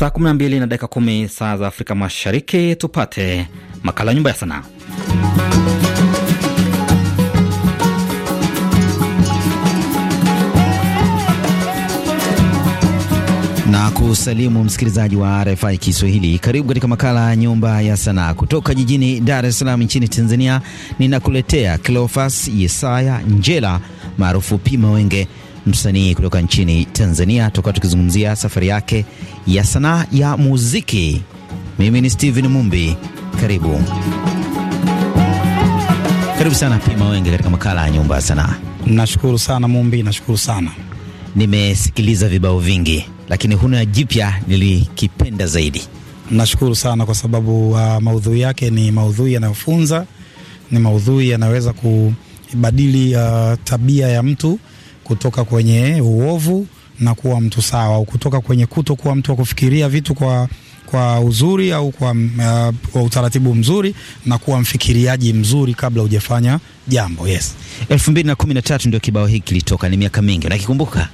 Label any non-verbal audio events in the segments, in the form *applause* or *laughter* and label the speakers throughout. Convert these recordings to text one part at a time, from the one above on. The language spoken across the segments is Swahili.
Speaker 1: Saa 12 na dakika 10 saa za Afrika Mashariki, tupate makala Nyumba ya Sanaa. na kusalimu msikilizaji wa RFI Kiswahili. Karibu katika makala nyumba ya sanaa kutoka jijini Dar es Salaam nchini Tanzania. Ninakuletea Cleofas Yesaya Njela maarufu Pima Wenge msanii kutoka nchini Tanzania, toka tukizungumzia safari yake ya sanaa ya muziki. Mimi ni Steven Mumbi, karibu karibu sana Pima Wenge katika makala ya Nyumba ya Sanaa. Nashukuru sana Mumbi, nashukuru sana. Nimesikiliza vibao vingi, lakini huna jipya nilikipenda zaidi. Nashukuru sana kwa sababu uh, maudhui
Speaker 2: yake ni maudhui yanayofunza, ni maudhui yanayoweza kubadili uh, tabia ya mtu kutoka kwenye uovu na kuwa mtu sawa, au kutoka kwenye kuto kuwa mtu wa kufikiria vitu kwa kwa uzuri au kwa, uh, kwa utaratibu mzuri na kuwa mfikiriaji mzuri kabla hujafanya
Speaker 1: jambo. Yes, 2013 ndio kibao hiki kilitoka, ni miaka mingi. Nakikumbuka.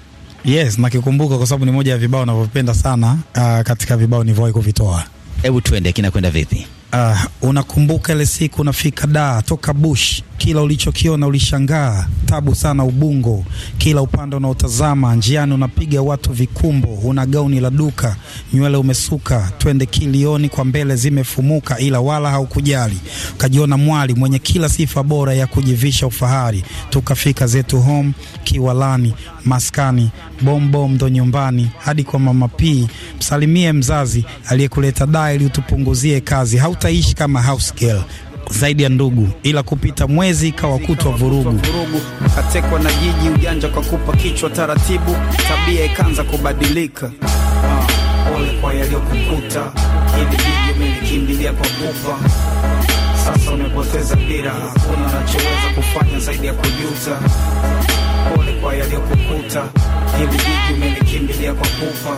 Speaker 2: Yes, nakikumbuka kwa sababu ni moja ya vibao ninavyopenda sana. Uh, katika vibao nilivyowahi kuvitoa.
Speaker 1: Hebu tuende, kinakwenda vipi?
Speaker 2: Uh, unakumbuka ile siku unafika da toka bush, kila ulichokiona ulishangaa. Tabu sana Ubungo, kila upande unaotazama, njiani unapiga watu vikumbo, una gauni la duka, nywele umesuka, twende kilioni kwa mbele zimefumuka, ila wala haukujali, ukajiona mwali mwenye kila sifa bora ya kujivisha ufahari. Tukafika zetu home Kiwalani, maskani, bombom ndo nyumbani, hadi kwa mama pii Msalimie mzazi aliyekuleta daa, ili utupunguzie kazi. Hautaishi kama house girl zaidi ya ndugu, ila kupita mwezi kawa kutwa vurugu. Katekwa na jiji ujanja kwa kupa kichwa taratibu, tabia ikaanza kubadilika. Ah, pole kwa yaliyokukuta, hili jiji umelikimbilia kwa kufa. Sasa umepoteza dira, hakuna unachoweza kufanya zaidi ya kujuta pole kwa yaliyokukuta. Hili jiji umelikimbilia kwa kufa,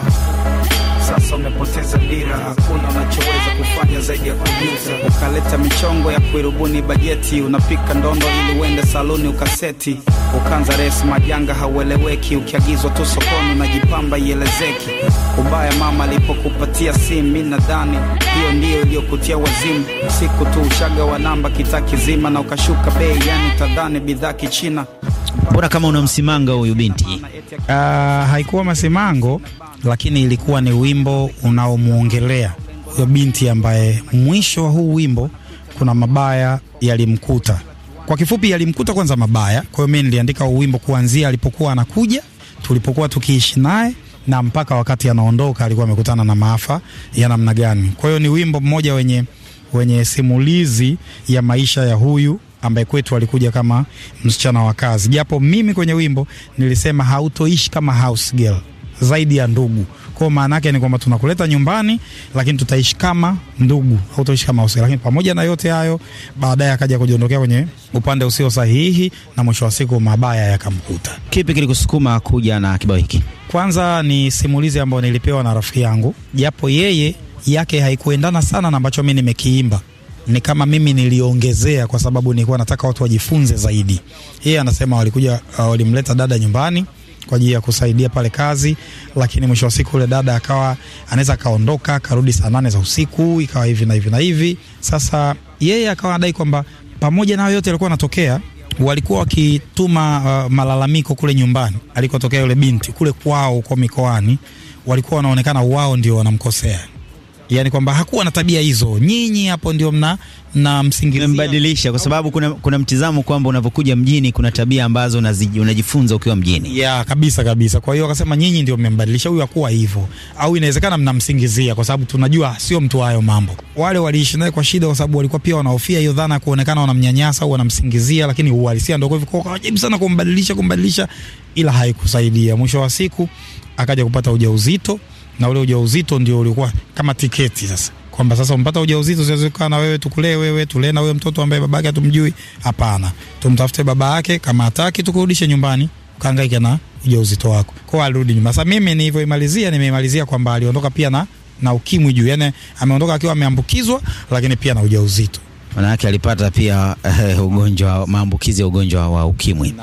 Speaker 2: sasa umepoteza dira, hakuna unachoweza kufanya zaidi ya kujuza. Ukaleta michongo ya kuirubuni bajeti, unapika ndondo ili uende saluni ukaseti, ukanza resi, majanga haueleweki, ukiagizwa tu sokoni unajipamba ielezeki. Ubaya mama alipokupatia simu, mi nadhani hiyo ndiyo iliyokutia wazimu, siku tu ushaga wa namba kitaa kizima na ukashuka bei, yani tadhani bidhaa kichina
Speaker 1: Mbona kama unamsimanga huyu binti?
Speaker 2: Uh, haikuwa masimango, lakini ilikuwa ni wimbo unaomuongelea huyo binti ambaye mwisho wa huu wimbo kuna mabaya yalimkuta. Kwa kifupi, yalimkuta kwanza mabaya. Kwa hiyo mimi niliandika wimbo kuanzia alipokuwa anakuja, tulipokuwa tukiishi naye na mpaka wakati anaondoka alikuwa amekutana na maafa ya namna gani. Kwa hiyo ni wimbo mmoja wenye wenye simulizi ya maisha ya huyu ambaye kwetu alikuja kama msichana wa kazi, japo mimi kwenye wimbo nilisema hautoishi kama house girl zaidi ya ndugu. Kwa maana yake ni kwamba tunakuleta nyumbani, lakini tutaishi kama ndugu, hautoishi kama house. Lakini pamoja na yote hayo, baadaye akaja kujiondokea kwenye upande usio sahihi, na mwisho wa siku mabaya yakamkuta. Kipi kilikusukuma kuja na kibao hiki? Kwanza ni simulizi ambayo nilipewa na rafiki yangu, japo yeye yake haikuendana sana na ambacho mimi nimekiimba ni kama mimi niliongezea kwa sababu nilikuwa nataka watu wajifunze zaidi. Yeye anasema walikuja, uh, walimleta dada nyumbani kwa ajili ya kusaidia pale kazi, lakini mwisho wa siku yule dada akawa anaweza akaondoka akarudi saa nane za usiku, ikawa hivi na hivi na hivi. Sasa yeye akawa anadai kwamba pamoja na yote yalikuwa yanatokea walikuwa wakituma uh, malalamiko kule nyumbani alikotokea yule binti kule kwao kwa mikoani, walikuwa wanaonekana wao ndio wanamkosea yani kwamba hakuwa na tabia hizo, nyinyi hapo ndio mna na msingi mbadilisha, kwa sababu kuna, kuna mtizamo kwamba unavyokuja mjini kuna tabia ambazo unajifunza ukiwa mjini ya kabisa kabisa. Kwa hiyo akasema nyinyi ndio mmembadilisha huyu, hakuwa hivyo, au inawezekana mnamsingizia, kwa sababu tunajua sio mtu hayo mambo. Wale waliishi naye kwa shida, kwa sababu walikuwa pia wanahofia hiyo dhana kuonekana wanamnyanyasa au wanamsingizia, lakini uhalisia ndio hivyo. Kwa kujaribu sana kumbadilisha kumbadilisha, ila haikusaidia. Mwisho wa siku akaja kupata ujauzito na ule ujauzito ndio ulikuwa kama tiketi sasa kwamba sasa umpata ujauzito, siwezi kukaa na wewe tukulee wewe, tulee na huyo mtoto ambaye baba yake hatumjui. Hapana, tumtafute baba yake, kama hataki tukurudishe nyumbani ukahangaika na ujauzito wako. Kwa alirudi nyuma. Sasa mimi nilivyoimalizia, nimeimalizia kwamba aliondoka pia na na ukimwi juu, yani ameondoka akiwa ameambukizwa, lakini pia na
Speaker 1: ujauzito. Maana yake alipata pia uh, ugonjwa maambukizi ya ugonjwa wa ukimwi na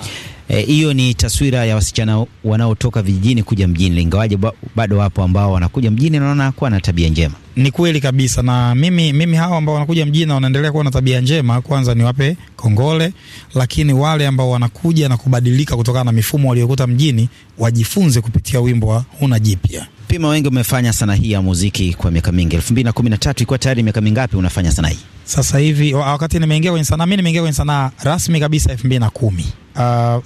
Speaker 1: Eh, hiyo e, ni taswira ya wasichana wanaotoka vijijini kuja mjini, lingawaje bado wapo ambao wanakuja mjini na wanakuwa na tabia njema.
Speaker 2: Ni kweli kabisa, na mimi, mimi hawa ambao wanakuja mjini na wanaendelea kuwa na tabia njema, kwanza niwape kongole, lakini wale ambao wanakuja na kubadilika kutokana na mifumo waliokuta mjini wajifunze kupitia wimbo wa Huna Jipya.
Speaker 1: Vipi mawengi umefanya sanaa hii ya muziki kwa miaka mingi, elfu mbili na kumi na tatu ilikuwa tayari miaka mingapi unafanya sanaa hii?
Speaker 2: Sasa hivi wakati nimeingia kwenye sanaa, mimi nimeingia kwenye sanaa rasmi kabisa elfu mbili na kumi. Uh,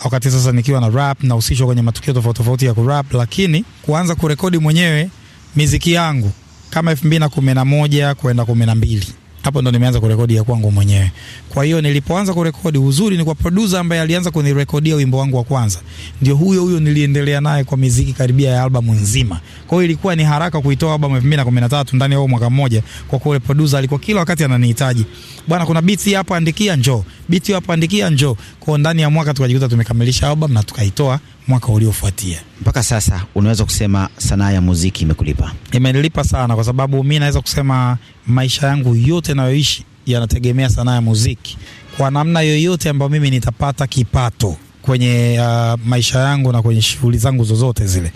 Speaker 2: wakati sasa nikiwa na rap nahusishwa kwenye matukio tofauti tofauti ya kurap, lakini kuanza kurekodi mwenyewe miziki yangu kama elfu mbili na kumi na moja kwenda kumi na mbili hapo ndo nimeanza kurekodi ya kwangu mwenyewe. Kwa hiyo nilipoanza kurekodi, uzuri ni kwa producer ambaye alianza kunirekodia wimbo wangu wa kwanza, ndio huyo huyo niliendelea naye kwa miziki karibia ya albamu nzima. Kwa hiyo ilikuwa ni haraka kuitoa albamu 2013 ndani ya mwaka mmoja, kwa kuwa producer alikuwa kila wakati ananihitaji, bwana, kuna beat hapa, andikia njoo, beat hapa, andikia njoo. Kwa ndani ya mwaka tukajikuta tumekamilisha album na tukaitoa mwaka uliofuatia.
Speaker 1: Mpaka sasa unaweza kusema sanaa ya muziki imekulipa?
Speaker 2: Imenilipa sana, kwa sababu mi naweza kusema maisha yangu yote nayoishi yanategemea sanaa ya muziki kwa namna yoyote ambayo mimi nitapata kipato kwenye uh, maisha yangu na kwenye shughuli zangu zozote zile,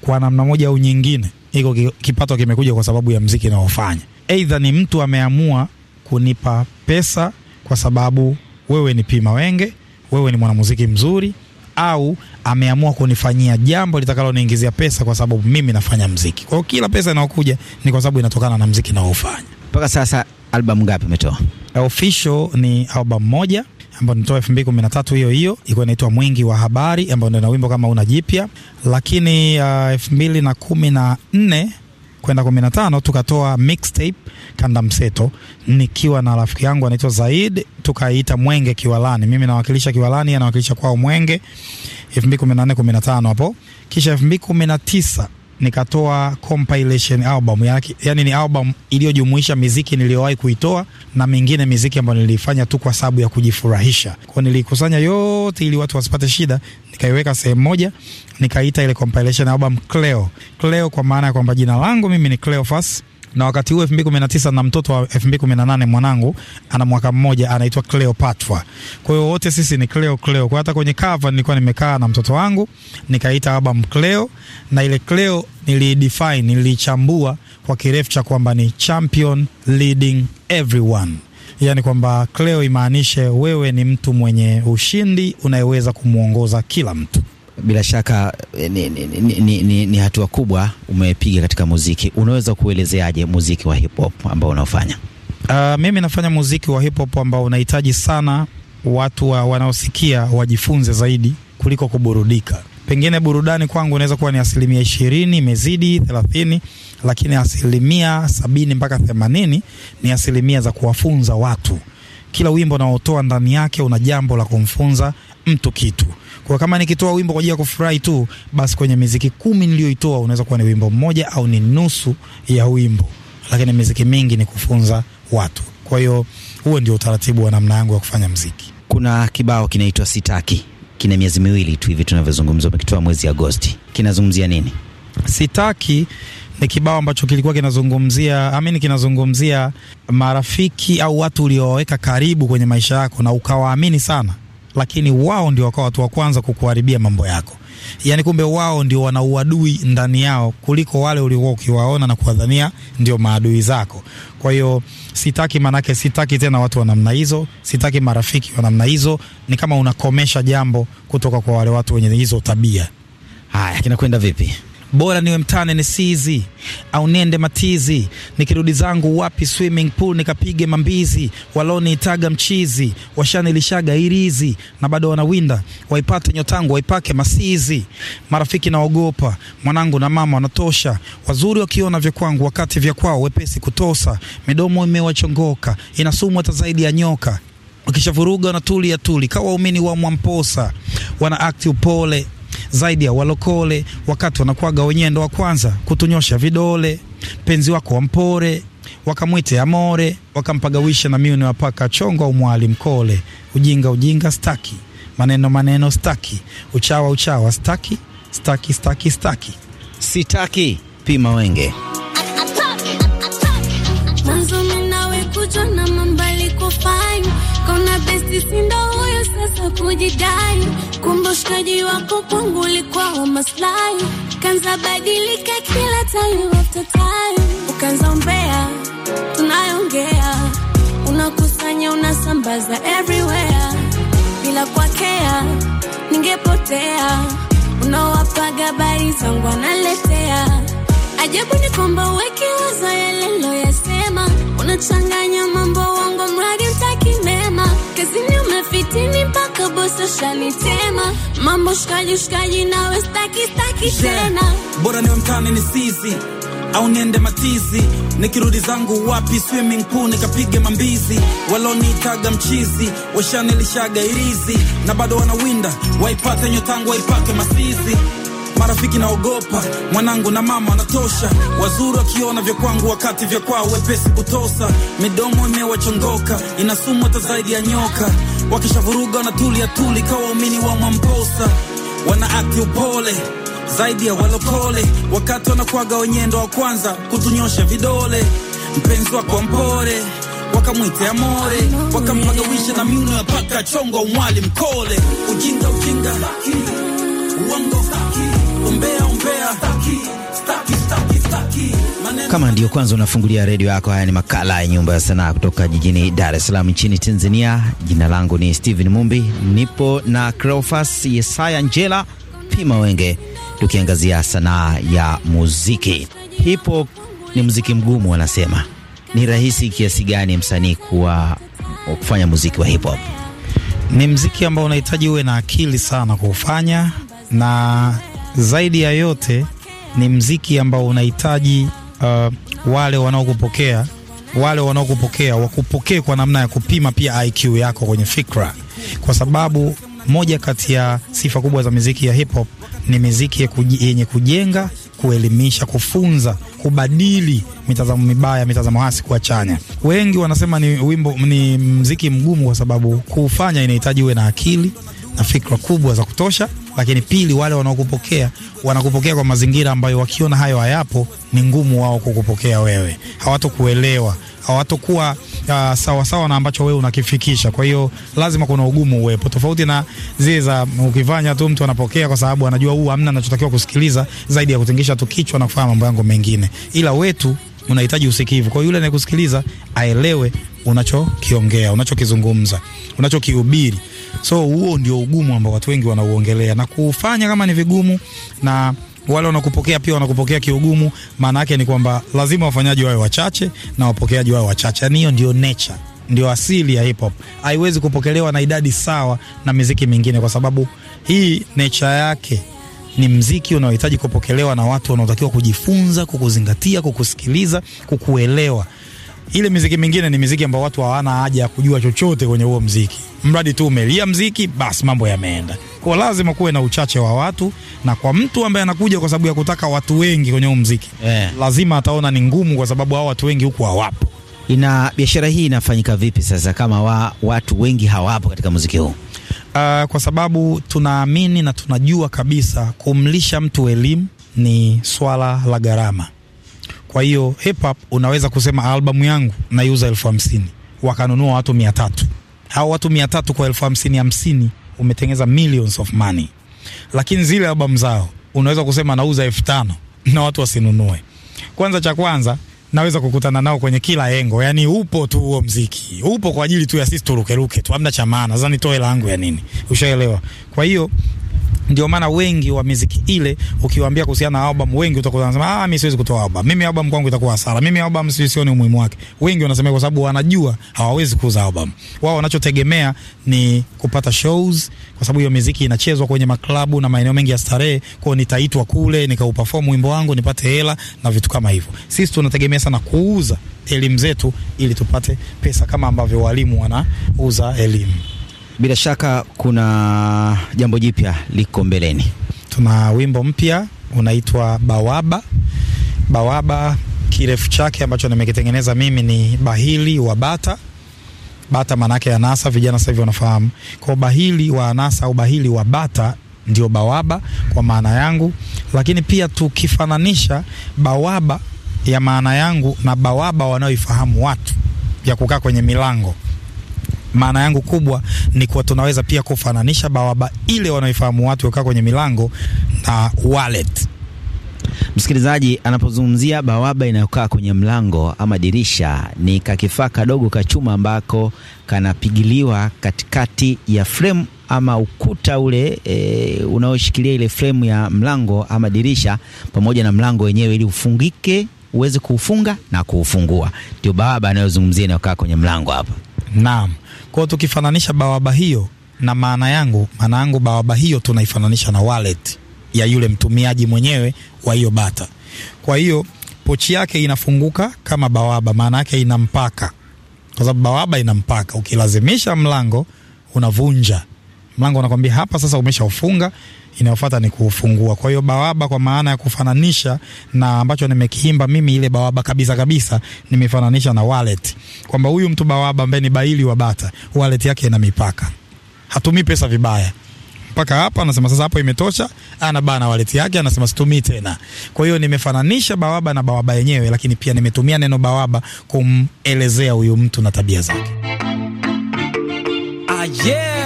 Speaker 2: kwa namna moja au nyingine, iko kipato kimekuja kwa sababu ya mziki naofanya. Aidha ni mtu ameamua kunipa pesa kwa sababu wewe ni Pima Wenge wewe ni mwanamuziki mzuri au ameamua kunifanyia jambo litakaloniingizia pesa kwa sababu mimi nafanya mziki. Kwa hiyo kila pesa inayokuja ni kwa sababu inatokana na mziki naofanya.
Speaker 1: Mpaka sasa albamu ngapi umetoa?
Speaker 2: Eh, official ni albamu moja ambayo nitoa 2013 hiyo hiyo, ilikuwa inaitwa Mwingi wa Habari, ambayo ndio na wimbo kama una jipya, lakini 2014 uh, ah, kwenda tano tukatoa mixtape kanda mseto nikiwa na rafiki yangu anaitwa Zaid, tukaiita Mwenge Kiwalani. Mimi nawakilisha Kiwalani, anawakilisha kwao Mwenge 2014 15 hapo. Kisha 2019 nikatoa compilation album yani, yani ni album iliyojumuisha miziki niliyowahi kuitoa na mingine miziki ambayo nilifanya tu kwa sababu ya kujifurahisha. Kwa nilikusanya yote ili watu wasipate shida, nikaiweka sehemu moja, nikaita ile compilation album Cleo. Cleo kwa maana ya kwamba jina langu mimi ni Cleophas na wakati huu 2019 na mtoto wa 2018 mwanangu ana mwaka mmoja, anaitwa Cleopatra. Kwa hiyo wote sisi ni Cleo Cleo. Kwa hata kwenye cover nilikuwa nimekaa na mtoto wangu nikaita album Cleo, na ile Cleo nilidefine, nilichambua kwa kirefu cha kwamba ni champion leading everyone Yaani kwamba Cleo imaanishe wewe ni mtu mwenye ushindi unayeweza kumwongoza
Speaker 1: kila mtu. Bila shaka ni, ni, ni, ni, ni hatua kubwa umepiga katika muziki. Unaweza kuelezeaje muziki wa hip hop ambao unaofanya? Uh, mimi nafanya
Speaker 2: muziki wa hip hop ambao unahitaji sana watu wa, wanaosikia wajifunze zaidi kuliko kuburudika. Pengine burudani kwangu inaweza kuwa ni asilimia ishirini imezidi thelathini, lakini asilimia sabini mpaka themanini ni asilimia za kuwafunza watu. Kila wimbo unaotoa ndani yake una jambo la kumfunza mtu kitu. Kwa kama nikitoa wimbo kwa ajili ya kufurahi tu, basi kwenye miziki kumi niliyoitoa unaweza kuwa ni wimbo mmoja au ni nusu ya wimbo, lakini miziki mingi ni kufunza watu. Kwa hiyo huo ndio utaratibu wa namna yangu ya kufanya mziki.
Speaker 1: Kuna kibao kinaitwa Sitaki, kina miezi miwili tu hivi tunavyozungumza, umekitoa mwezi Agosti. Kinazungumzia nini? Sitaki
Speaker 2: ni kibao ambacho kilikuwa kinazungumzia amini, kinazungumzia marafiki au watu uliowaweka karibu kwenye maisha yako na ukawaamini sana lakini wao ndio wakawa watu wa kwanza kukuharibia mambo yako. Yaani kumbe wao ndio wana uadui ndani yao kuliko wale uliokuwa ukiwaona na kuwadhania ndio maadui zako. Kwa hiyo sitaki, manake sitaki tena watu wa namna hizo, sitaki marafiki wa namna hizo. Ni kama unakomesha jambo kutoka kwa wale watu wenye hizo tabia. Haya, kinakwenda vipi? bora niwe mtane nisizi au niende matizi, nikirudi zangu wapi swimming pool nikapige mambizi. Waloniitaga mchizi washanilishaga irizi, na bado wanawinda waipate nyotangu waipake masizi. Marafiki naogopa, mwanangu na mama wanatosha, wazuri wakiona vya kwangu wakati vya kwao wepesi kutosa. Midomo imewachongoka ina sumu hata zaidi ya nyoka, ukishavuruga tuli ya tuli kawaumini wa Mwamposa wana akti upole zaidi ya walokole, wakati wanakuwaga wenyewe ndo wa kwanza kutunyosha vidole, penzi wako wampore wakamwite amore, wakampagawisha na miuni wapaka chongo au mwali mkole. Ujinga ujinga staki, maneno maneno staki, uchawa uchawa staki, staki staki staki,
Speaker 1: sitaki pima wenge kujidai, kumbe ushikaji wako kwangu ulikuwa wa maslahi. Kanza badilika kila time after time, ukanza umbea, tunayongea
Speaker 2: unakusanya, unasambaza everywhere, bila kuwakea ningepotea, unawapaga habari zangu analetea Ajabu ni kwamba uwekiwazo yale yasema, unachanganya mambo wangu mradi mtaki kazini umefitini mpaka bosi ushanitema mambo shkaji shkaji nawe staki staki tena bora bora niwemkane ni sizi au niende matizi nikirudi zangu wapi swimming pool nikapige mambizi walonitaga mchizi washanilishaga irizi na bado wanawinda waipate nyotangu waipake masizi marafiki naogopa, mwanangu na mama anatosha, wazuri wakiona vya kwangu wakati vya kwao wepesi kutosa, midomo imewachongoka ina sumu hata zaidi ya nyoka, wakishavuruga wanatulia tuli kwa waumini wa Mwamposa, wanaakti upole zaidi ya walokole, wakati wanakwaga wenye ndo wa kwanza kutunyosha vidole, mpenzi wako mpole wakamwite amore, wakamwagawisha na miuno ya paka chongo umwali mkole, ujinga ujinga uongo
Speaker 1: kama ndiyo kwanza unafungulia redio yako, haya ni makala ya Nyumba ya Sanaa kutoka jijini Dar es Salaam nchini Tanzania. Jina langu ni Steven Mumbi, nipo na Cleofas Yesaya Njela Pima Wenge, tukiangazia sanaa ya muziki. Hip hop ni muziki mgumu, wanasema. Ni rahisi kiasi gani msanii kuwa kufanya muziki wa hip hop? Ni mziki ambao unahitaji uwe na
Speaker 2: akili sana kuufanya na zaidi ya yote ni mziki ambao unahitaji uh, wale wanaokupokea wale wanaokupokea wakupokee kwa namna ya kupima pia IQ yako kwenye fikra, kwa sababu moja kati ya sifa kubwa za miziki ya hip hop ni miziki yenye kujenga, kuelimisha, kufunza, kubadili mitazamo mibaya, mitazamo hasi kuwa chanya. Wengi wanasema ni wimbo, ni mziki mgumu, kwa sababu kuufanya inahitaji uwe na akili na fikra kubwa za kutosha lakini pili, wale wanaokupokea wanakupokea kwa mazingira ambayo wakiona hayo hayapo, ni ngumu wao kukupokea wewe, hawatokuelewa hawatokuwa uh, ah, sawasawa na ambacho wewe unakifikisha. Kwa hiyo lazima kuna ugumu uwepo, tofauti na zile za ukifanya tu mtu anapokea, kwa sababu anajua huu hamna anachotakiwa kusikiliza zaidi ya kutingisha tu kichwa na kufanya mambo yangu mengine, ila wetu unahitaji usikivu. Kwa yule anayekusikiliza aelewe unachokiongea, unachokizungumza, unachokihubiri. So huo ndio ugumu ambao watu wengi wanauongelea na kufanya kama ni vigumu na wale wanakupokea pia wanakupokea kiugumu. Maana yake ni kwamba lazima wafanyaji wawe wachache na wapokeaji wawe wachache, yani hiyo ndio nature, ndio asili ya hip hop. Haiwezi kupokelewa na idadi sawa na miziki mingine, kwa sababu hii nature yake ni mziki unaohitaji kupokelewa na watu wanaotakiwa kujifunza, kukuzingatia, kukusikiliza, kukuelewa. Ile miziki mingine ni miziki ambayo watu hawana haja ya kujua chochote kwenye huo mziki, mradi tu umelia mziki, basi mambo yameenda. Kwa lazima kuwe na uchache wa watu, na kwa mtu ambaye anakuja kwa sababu ya kutaka watu wengi kwenye huo mziki yeah, lazima ataona ni ngumu, kwa sababu hao watu wengi huku hawapo. Ina biashara hii inafanyika vipi sasa kama wa, watu wengi hawapo katika muziki huu? uh, kwa sababu tunaamini na tunajua kabisa kumlisha mtu elimu ni swala la gharama. Kwa hiyo hip hop unaweza kusema albamu yangu naiuza elfu hamsini wakanunua watu mia tatu hao watu mia tatu kwa elfu hamsini hamsini umetengeza millions of money, lakini zile albamu zao unaweza kusema nauza elfu tano na watu wasinunue. Kwanza cha kwanza naweza kukutana nao kwenye kila engo, yani upo tu huo mziki, upo kwa ajili tu ya sisi turukeruke tu, amna cha maana. Sasa nitoe langu ya nini? Ushaelewa? Kwa hiyo ndio maana wengi wa miziki ile ukiwaambia kuhusiana na album, wengi utakuwa wanasema ah, mimi siwezi kutoa album, mimi album kwangu itakuwa hasara, mimi album sio sioni umuhimu wake. Wengi wanasema kwa sababu wanajua hawawezi kuuza album. Wao wanachotegemea ni kupata shows, kwa sababu hiyo miziki inachezwa kwenye maklabu na maeneo mengi ya starehe, kwao nitaitwa kule nikauperform wimbo wangu nipate hela na vitu kama hivyo. Sisi tunategemea sana kuuza elimu zetu ili tupate pesa kama ambavyo walimu wanauza
Speaker 1: elimu bila shaka kuna jambo jipya liko mbeleni.
Speaker 2: Tuna wimbo mpya unaitwa Bawaba. Bawaba kirefu chake ambacho nimekitengeneza mimi ni bahili wa bata bata, maanake anasa, vijana sasa hivi wanafahamu. Kwa bahili wa anasa au bahili wa bata ndio bawaba kwa maana yangu, lakini pia tukifananisha bawaba ya maana yangu na bawaba wanaoifahamu watu ya kukaa kwenye milango maana yangu kubwa ni kuwa tunaweza pia kufananisha bawaba ile wanaoifahamu
Speaker 1: watu wakaa kwenye milango na wallet. Msikilizaji anapozungumzia bawaba inayokaa kwenye mlango ama dirisha, ni kakifaa kadogo ka chuma ambako kanapigiliwa katikati ya fremu ama ukuta ule e, unaoshikilia ile fremu ya mlango ama dirisha pamoja na mlango wenyewe, ili ufungike, uweze kuufunga na kuufungua. Ndio bawaba anayozungumzia inayokaa kwenye mlango hapa.
Speaker 2: Naam. Kwa tukifananisha bawaba hiyo na maana yangu, maana yangu bawaba hiyo tunaifananisha na wallet ya yule mtumiaji mwenyewe wa hiyo bata. Kwa hiyo pochi yake inafunguka kama bawaba, maana yake ina mpaka, kwa sababu bawaba ina mpaka. Ukilazimisha mlango unavunja mlango unakwambia hapa sasa umeshaufunga, inayofuata ni kuufungua. Kwa hiyo bawaba, kwa maana ya kufananisha na ambacho nimekiimba mimi, ile bawaba kabisa kabisa, nimefananisha na wallet, kwamba huyu mtu bawaba ambaye ni baili wa bata, wallet yake ina mipaka, hatumii pesa vibaya mpaka hapa anasema sasa hapo imetosha, ana bana waleti yake, anasema situmii tena. Kwa hiyo nimefananisha bawaba na bawaba yenyewe, lakini pia nimetumia neno bawaba kumelezea huyu mtu na tabia zake. Ah,
Speaker 1: yeah.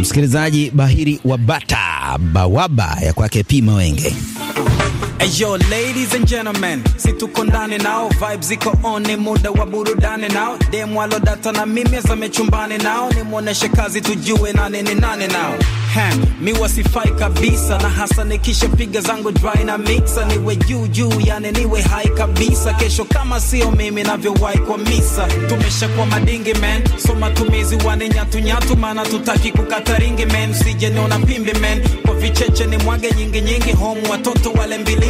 Speaker 1: Msikilizaji bahiri wa bata bawaba ya kwake Pima Mawenge. Hey yo, ladies
Speaker 2: and gentlemen, si tuko ndani nao, vibes ziko on, ni muda wa burudani nao, demu alo data na mimi zamechumbani nao, ni mwoneshe kazi tujue nani ni nani nao. Hem, mi wasifai kabisa na hasa nikisha piga zangu dry na mixa, niwe juu juu, yani niwe high kabisa, kesho kama sio mimi navyowai kwa misa. tumesha kwa madingi man, so matumizi wane nyatu nyatu, maana tutaki kukata ringi man, sije niona pimbi man, kwa vicheche ni mwage nyingi nyingi, homu watoto wale mbili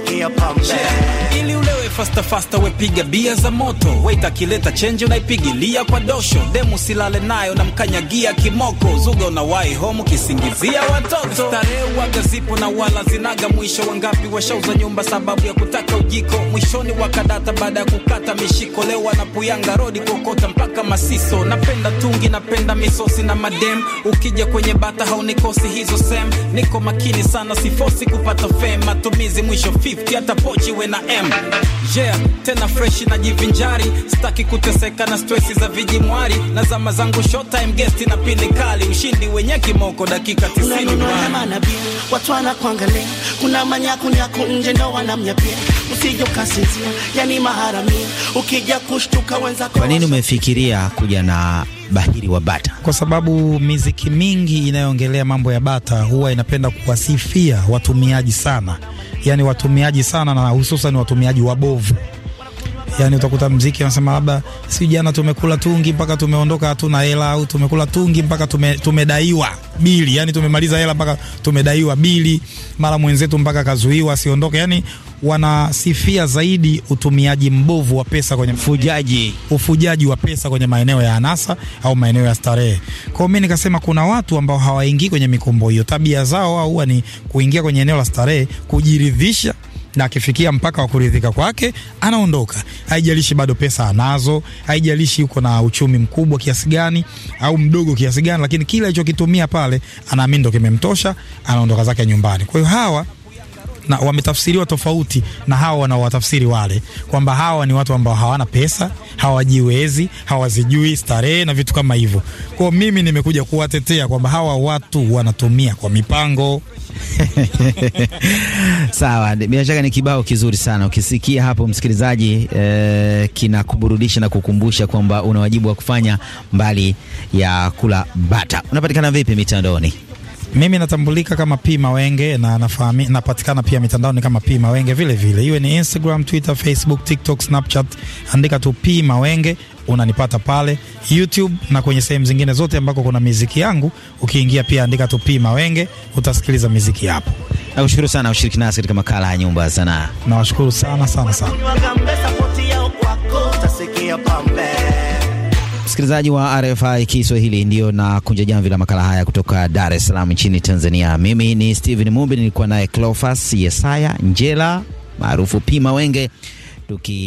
Speaker 2: kusikia pambe ili ulewe fasta fasta, wepiga bia za moto, wait akileta chenji unaipigilia kwa dosho, demu silale nayo na mkanyagia kimoko, zuga unawai homu kisingizia watoto, starehe waga zipo na wala zinaga mwisho, wangapi washauza nyumba sababu ya kutaka ujiko, mwishoni wakadata baada ya kukata mishiko, leo wanapuyanga rodi kuokota mpaka Masiso, napenda tungi, napenda misosi na madem, ukija kwenye bata haunikosi hizo sem, niko makini sana, sifosi kupata fame, matumizi mwisho 50 hata pochi we na M yeah, tena fresh na jivinjari, sitaki kuteseka na stress za vijimwari na zama zangu showtime guest na pili kali, ushindi wenye kimoko dakika 90 watu kuna kushtuka
Speaker 1: Kwa nini umefikiria kuja na bahiri wa bata,
Speaker 2: kwa sababu miziki mingi inayoongelea mambo ya bata huwa inapenda kuwasifia watumiaji sana, yani watumiaji sana, na hususan watumiaji wabovu yani utakuta mziki anasema labda si jana tumekula tungi mpaka tumeondoka hatuna hela, au tumekula tungi mpaka tume, tumedaiwa bili, yani tumemaliza hela mpaka tumedaiwa bili, mara mwenzetu mpaka kazuiwa asiondoke. Yani wanasifia zaidi utumiaji mbovu wa pesa kwenye ufujaji, ufujaji wa pesa kwenye maeneo ya anasa au maeneo ya starehe. Kwa mimi nikasema kuna watu ambao hawaingii kwenye mikumbo hiyo, tabia zao au ni kuingia kwenye eneo la starehe kujiridhisha na akifikia mpaka wa kuridhika kwake anaondoka. Haijalishi bado pesa anazo, haijalishi uko na uchumi mkubwa kiasi gani au mdogo kiasi gani, lakini kila alichokitumia pale anaamini ndo kimemtosha, anaondoka zake nyumbani. Kwa hiyo hawa na wametafsiriwa tofauti na hawa wanaowatafsiri wale, kwamba hawa ni watu ambao hawana pesa, hawajiwezi, hawazijui starehe na vitu kama hivyo. Kwao mimi nimekuja kuwatetea kwamba hawa watu wanatumia kwa mipango
Speaker 1: *laughs* Sawa, bila shaka ni kibao kizuri sana. Ukisikia hapo msikilizaji, eh, kinakuburudisha na kukumbusha kwamba una wajibu wa kufanya mbali ya kula bata. Unapatikana vipi mitandaoni? Mimi natambulika kama P Mawenge
Speaker 2: na nafahami, napatikana pia mitandaoni kama P Mawenge vile vile, iwe ni Instagram, Twitter, Facebook, TikTok, Snapchat, andika tu P Mawenge unanipata pale YouTube na kwenye sehemu zingine zote ambako kuna miziki yangu. Ukiingia pia andika tu P Mawenge utasikiliza miziki hapo.
Speaker 1: Nakushukuru sana ushiriki nasi katika makala ya nyumba ya sanaa. Nawashukuru sana sana sana msikilizaji wa RFI Kiswahili, ndio na kunja jamvi la makala haya kutoka Dar es Salaam nchini Tanzania. Mimi ni Steven Mumbi, nilikuwa naye clofas Yesaya Njela maarufu Pima Wenge tuki